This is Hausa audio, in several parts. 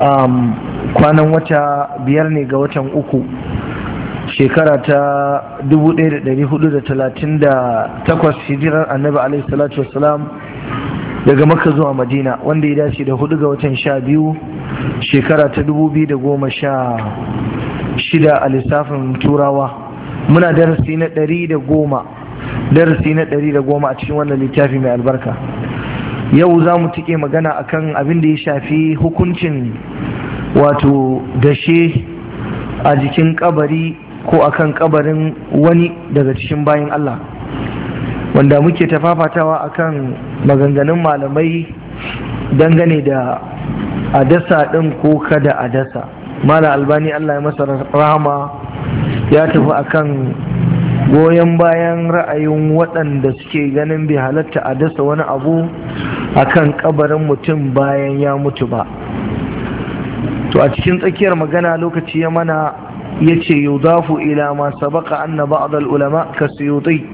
um, kwanan wata biyar ne ga watan uku shekara ta 1438 hijirar annabi alaihi salatu wasalam daga makka zuwa madina wanda ya dace da hudu ga watan sha biyu shekara ta 2016 a lissafin turawa muna darasi na 110 darasi na a cikin wannan littafi mai albarka yau za mu tike magana akan abin da ya shafi hukuncin wato dashe a jikin kabari ko akan kabarin wani daga cikin bayan Allah wanda muke tafafatawa akan maganganun malamai dangane da adasa ɗin ko kada adasa mala albani Allah ya masa rahama ya tafi akan goyon bayan ra'ayin waɗanda suke ganin bai halatta a dasa wani abu a kan kabarin mutum bayan ya mutu ba to a cikin tsakiyar magana lokaci ya mana ya ce yau ila masu baka an na ba'adar ulama ka siyo dai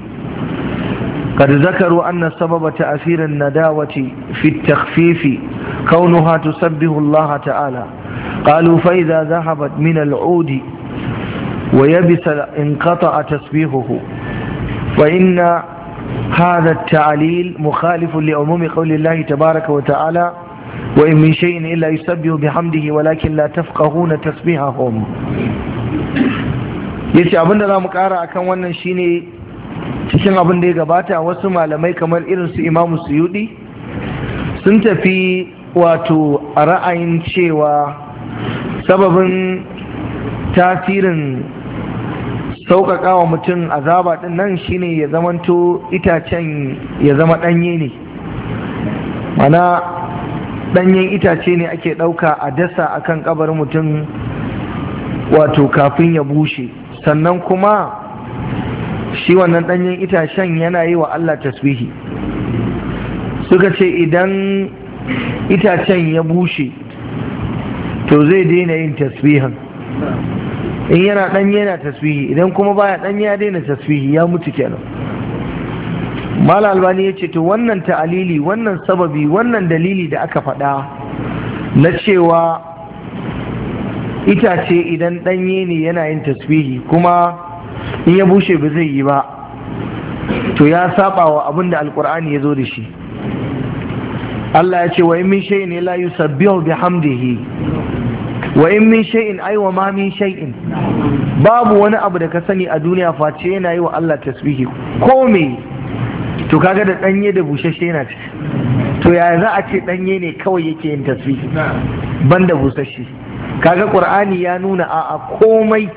kada zakaru an na sababa ta asirin na dawati fitakfifi kaunu hatu sabbi hullaha ta'ala قالوا فإذا ذهبت من العود ويبس انقطع تسبيحه فإن هذا التعليل مخالف لعموم قول الله تبارك وتعالى وإن من شيء إلا يسبه بحمده ولكن لا تفقهون تسبيحهم yace abin da za mu kara akan wannan shine cikin abin da ya gabata wasu malamai kamar irin su imamu suyudi sun tafi wato a ra'ayin cewa sababin tasirin sauƙaƙa wa mutum azaba ɗin nan shine ya zamanto itacen ya zama ɗanye ne mana ɗanyen itace ne ake ɗauka a dasa akan ƙabarin mutum wato kafin ya bushe sannan kuma shi wannan ɗanyen itacen yana yi wa Allah tasbihi suka ce idan itacen ya bushe to zai daina yin tasbihan in yana ɗanye yana taswihi idan kuma baya ɗanye ya daina taswihi ya mutu kenan mala albani ya ce to wannan ta'alili wannan sababi wannan dalili da aka faɗa na cewa itace idan ɗanye ne yana yin taswihi kuma in ya bushe ba zai yi ba to ya saba wa abin da alkur'ani ya zo da shi Allah ya ce wa in min shay'in la yusabbihu bihamdihi wa in min shay'in ai wa ma min shay'in babu wani abu da ka sani a duniya face yana yi wa Allah tasbihi ko me to kaga da danye da bushashe yana ci to yaya za a ce danye ne kawai yake yin tasbihi banda bushashe kaga qur'ani ya nuna a'a komai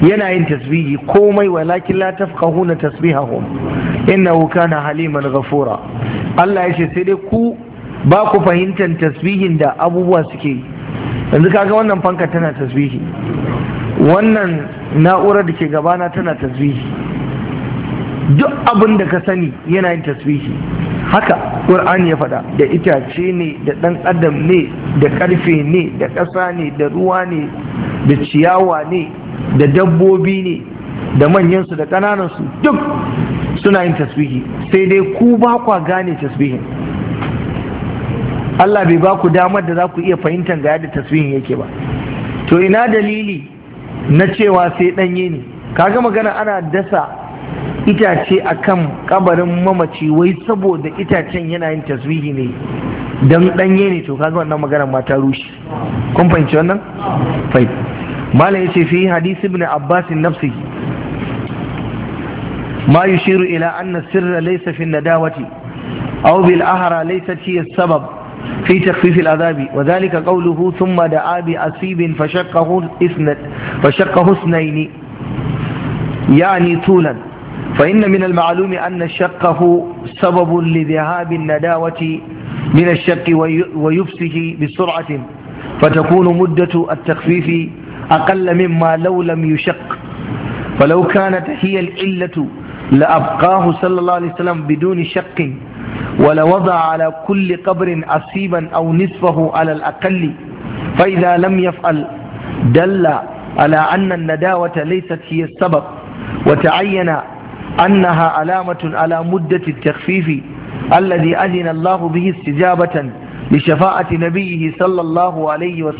yana yin tasbihi komai walakin la tafqahuna tasbihahum innahu kana haliman ghafura Allah ya ce sai dai ku ba ku fahimtar tasbihin da abubuwa suke yi yanzu kaga wannan fanka tana tasbihi wannan na'urar da ke gabana tana tasbihi duk abin da ka sani yana yin tasbihi haka ƙur'ani ya faɗa da itace ne da ɗan adam ne da ƙarfe ne da ƙasa ne da ruwa ne da ciyawa ne da dabbobi ne da manyansu da ƙananansu duk suna yin tasbihi sai dai ku ba kwa gane tasbihin Allah bai ba ku damar da za ku iya fahimtar ga yadda taswihin yake ba to ina dalili na cewa sai ɗanye ne kaga magana ana dasa itace a kan kabarin mamaci wai saboda itacen yana yin taswihi ne don ɗanye ne to kaga wannan magana ma rushe kun fahimci wannan fai malam yace fi hadisi ibn abbas nafsi ma yushiru ila anna sirra laysa fi nadawati aw bil ahra laysat sabab في تخفيف العذاب وذلك قوله ثم دعا بأسيب فشقه اثنت فشقه اثنين يعني طولا فإن من المعلوم أن شقه سبب لذهاب النداوة من الشق ويفسه بسرعة فتكون مدة التخفيف أقل مما لو لم يشق فلو كانت هي العلة لأبقاه صلى الله عليه وسلم بدون شق ولوضع على كل قبر أصيبا أو نصفه على الأقل فإذا لم يفعل دل على أن النداوة ليست هي السبب وتعين أنها علامة على مدة التخفيف الذي أذن الله به استجابة لشفاعة نبيه صلى الله عليه وسلم